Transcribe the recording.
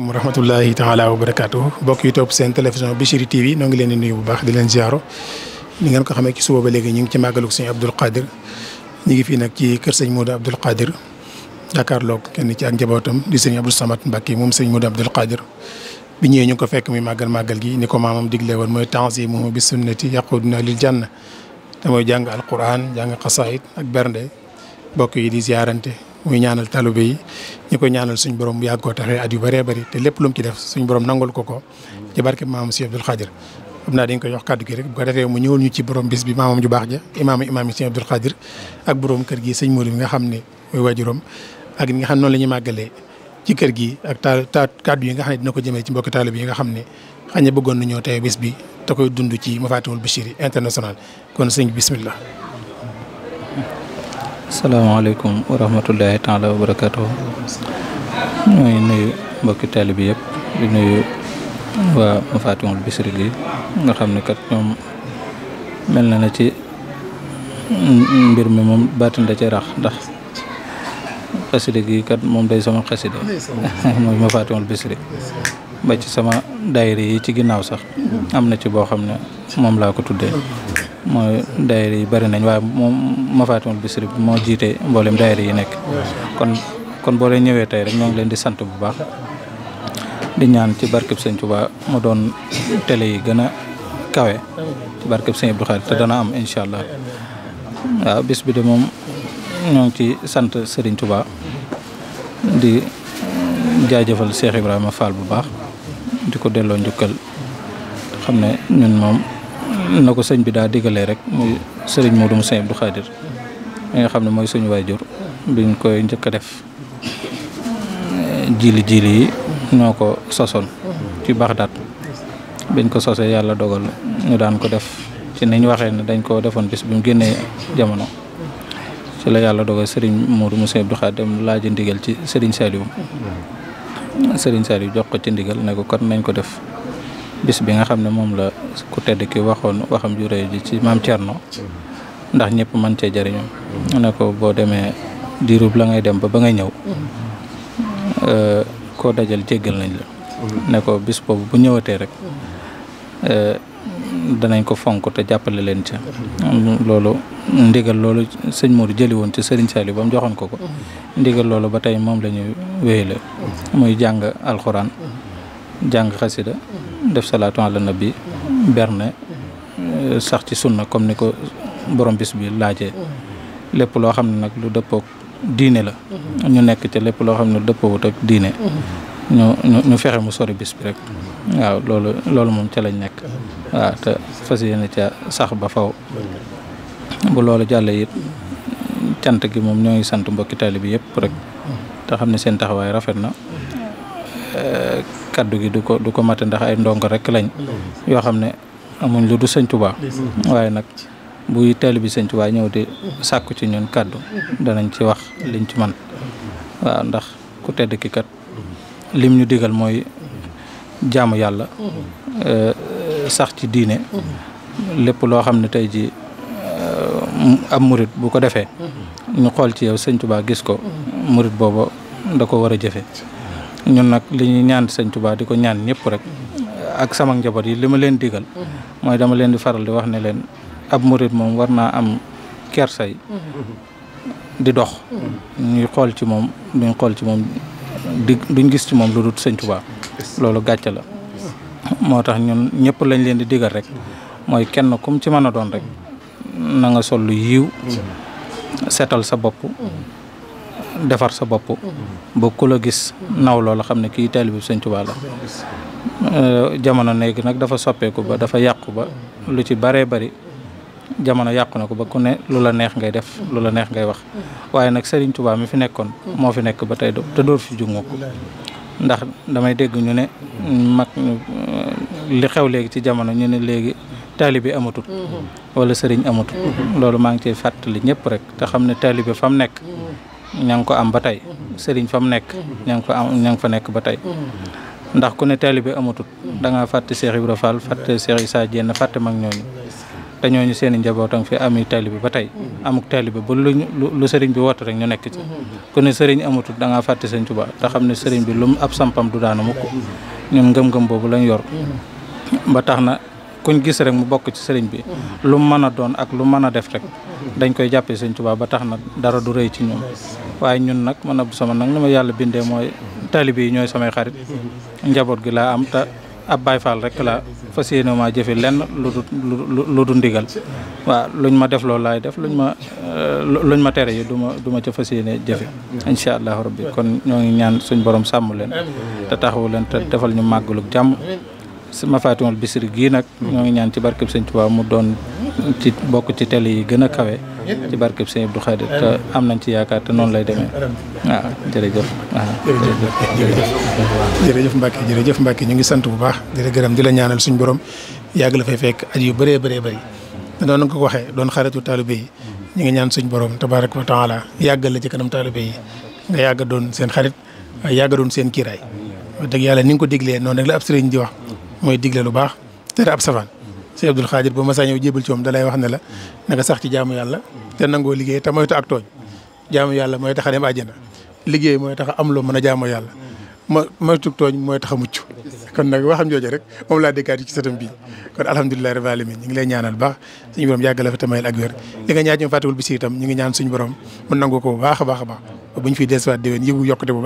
mu wa rahmatullahi taala wa barakaatu mbokk yi topp seen télévision Bichri TV noo ngi leen di nuyu bu baax di leen ziaro ni ngeen ko xamee ci suba ba léegi ñu ngi ci màggalu sëñ Abdul Qadir ñu ngi fii ci kër sëñ Modou Abdul Qadir jàkkaarloog kenn ci ak njabootam di sëñ Abdou Samad Mbacke moom sëñ Modou Abdul Qadir bi ñëwee ñu ngi ko fekk muy màggal màggal gi ni ko maamam digle woon mooy tanzimuhu bi sunnati na lil janna te mooy jàng alquran jàng xasaayit ak bernde mbokk yi di ziarante muy ñaanal taalibe yi ñu koy ñaanal suñu borom bu yàgg koo taxee at yu bëree bëri te lépp lu mu ci def suñ borom nangul ko ko ci barke maam si Abdul Xaadir xam naa dañ koy jox kàddu gi rek bu defee mu ñëwul ci borom bis bi maamam ju baax ja imaam imaam si Abdul Xaadir ak borom kër gi sëñ Moodu bi nga xam ne mooy waajuram ak ñi nga xam noonu la ñuy màggalee ci kër gi ak ta kàddu yi nga xam ne dina ko jëmee ci mbokki taalibe yi nga xam ne xañ na bëggoon nañoo tey bis bi te koy dund ci Mafatihul Bichri international kon sëñ bismillah salaamaaleykum wa rahmatullahi taala wa barakaatu ñooy nuyu bi yëpp di nuyu waa Mafatihul Bichri gi nga xam ne kat ñoom mel na na ci mbir mi moom baatin da ci rax ndax xasida gi kat moom day sama xasida mooy Mafatihul Bichri ba ci sama daayira yi ci ginnaaw sax am na ci boo xam ne moom laa ko tuddee mooy daayira yi bari nañ waaye moom Mafaatihul Bichri moo jiite mboolem daayira yi nekk kon kon boo ñëwee tey rek ñoo ngi leen di sant bu baax di ñaan ci barkeb Sëñ Tuubaa mu doon télé yi gën a kawe ci barkeb Sëñ Abdou Khadre te dana am incha allah waaw bis bi de moom ñoo ngi ci sant Serigne Touba di jaajëfal Cheikh Ibrahima Fall bu baax di ko delloo njukkal xam ne ñun moom na ko sëñ bi daa digalee rek muy sëriñ Modou Moussa Abdou Khadir mi nga xam ne mooy suñu waajur biñ koy njëkk a def jili jili yi ñoo ko sosoon ci Baxdaat biñ ko sosee yàlla dogal ñu daan ko def ci niñ waxee ne dañ ko defoon bis bi mu génnee jamono ci la yàlla dogal sëriñ Modou Moussa Abdou Khadir dem laaj ndigal ci sëriñ Saliou sëriñ Saliou jox ko ci ndigal ne ko kon nañ ko def bis bi nga xam ne moom la ku tedd ki waxoon waxam ju rëy ji ci maam Thierno ndax ñëpp mën cee jëriñu mm-hmm. ne ko boo demee diirub la ngay dem ba ba ngay ñëw mm-hmm. euh, koo dajal jéggal nañ la mm-hmm. ne ko bis boobu bu ñëwatee rek euh, danañ ko fonk te jàppale leen ca loolu ndigal loolu sëñ Modou jëli woon ci sëriñ Saliou ba mu joxoon ko ko ndigal loolu ba tey moom la ñuy wéyale muy jàng alxuraan jàng xasida def salaatu ala nabi berne eh, sax ci sunna comme ni ko borom bis bi laaje lépp loo xam ne nag lu dëppook diine la ñu nekk ci lépp loo xam ne lu dëppoowut diine ñu ñu fexe mu sori bis bi rek waaw loolu loolu moom ca lañ nekk waaw te fas ca sax ba faw bu loolu jàllee it cant gi moom ñoo ngi sant mbokki taalibe bi yëpp rek te xam ne seen taxawaay rafet na Euh, kaddu gi du ko du ko mate ndax ay ndongo rek lañ yoo xam ne amuñ lu du sëñ waaye nag buy teel bi sëñ ñëw di sàkku ci ñun kaddu danañ ci wax liñ ci man waaw ndax ku tedd ki kat lim ñu digal mooy jaamu yàlla euh, sax ci diine lépp loo xam ne tey ji euh, am murit bu ko defee ñu xool ci yow sëñ gis ko murit boobu da ko war a jëfe ñun nag li ñuy ñaan sëñ Tuubaa di ko ñaan ñëpp rek ak sama njaboot yi li ma leen digal mooy dama leen di faral di wax ne leen ab murit moom war naa am kersay di dox ñuy xool ci moom duñ xool ci moom di duñ gis ci moom lu dul sëñ Tuubaa loolu gàcce la moo tax ñun ñëpp lañ leen di digal rek mooy kenn kum ci mën a doon rek na nga sol lu yiw setal sa bopp defar sa bopp ba ku la gis naw loola xam ne kii taalibe Sëñ Tuubaa la eh, jamono léegi nag dafa soppeeku ba dafa yàqu ba lu ci baree bari jamono yàqu na ko ba ku ne lu la neex ngay def lu la neex ngay wax waaye nag sëriñ Touba mi fi nekkoon moo fi nekk ba tey te dóor fi jug ko ndax damay dégg ñu ne mag xew léegi ci jamono ñu ne léegi taalibe amatut mm-hmm. wala sëriñ amatut mm-hmm. loolu maa ngi ciy fàttali ñëpp rek te xam ne taalibe fam nekk mm-hmm. ña ngi ko am ba tey sëriñ fa mu nekk ña ngi fa am ngi fa nekk ba tey ndax ku ne taalibe amatut da ngaa fàtte Cheikh Ibra Fall fàtte Cheikh Issa Diène fàtte mag ñooñu te ñooñu seen i njabootam fi ami taalibe ba tey amuk taalibe ba lu lu sëriñ bi woote rek ñu nekk ci ku ne sëriñ amatut da ngaa fàtte sëñ Tuubaa te xam ne sëriñ bi lu ab sampam du daanu mukk ñun ngëm-ngëm boobu lañ yor ba tax na kuñ gis rek mu bokk ci sëriñ bi lu mën a doon ak lu mën a def rek dañ koy jàppee sëriñ Tuubaa ba tax na dara du rëy ci ñoom waaye ñun nag man Abdou sama nag li ma yàlla bindee mooy taalibe yi ñooy samay xarit njaboot gi laa am te ab Baay Faal rek laa fas yéene maa jëfe lenn lu du lu du ndigal waaw luñ ma def loolu laay def luñ ma luñ ma tere yi du ma du ma ca fas yéene jëfe incha allahu rabbi kon ñoo ngi ñaan suñ borom sàmm leen te taxawu leen te defal ñu màggalug jàmm Mafaatihul Bichri gii nag ñoo ngi ñaan ci barkeb sëñ Tuubaa mu doon ci bokk ci télé yi gën a kawe ci barkeb sëñ Abdou Khadir te am nañ ci yaakaar te noonu lay demee jërëjëf waaw jërëjëf Mbacke jërëjëf Mbacke ñu ngi sant bu baax di la gërëm di la ñaanal suñu borom yàgg la fay fekk at yu bëree bëree bëri doon nga ko waxee doon xaritu taalibe yi ñu ngi ñaan suñu borom tabaaraka wa taala yàggal la ci kanam taalibe yi nga yàgg doon seen xarit yàgg doon seen kiiraay wax dëgg yàlla ni ko déglee noonu rek la ab sëriñ wax mooy digle lu baax tere ab safaan sëñ Abdul Xaadir bu masaa ñëw jébal ci moom wax ne la naka sax ci jaamu yàlla te nangoo liggéey te moytu ak tooñ jaamu yàlla mooy tax a dem àjjana liggéey mooy tax a am loo mën a jaamu yàlla mo moytu tooñ mooy tax a mucc kon nag waxam jooju rek moom laa déggaat ci sëtam bi kon alhamdulilah rabbil alamin ñu ngi ñaanal baax suñu borom yàggal fa tamayel ak ñu ngi ñaan suñu borom mu nangu ko bu baax a baax a baax buñ fiy desewaat déwén yëgu yokkute bu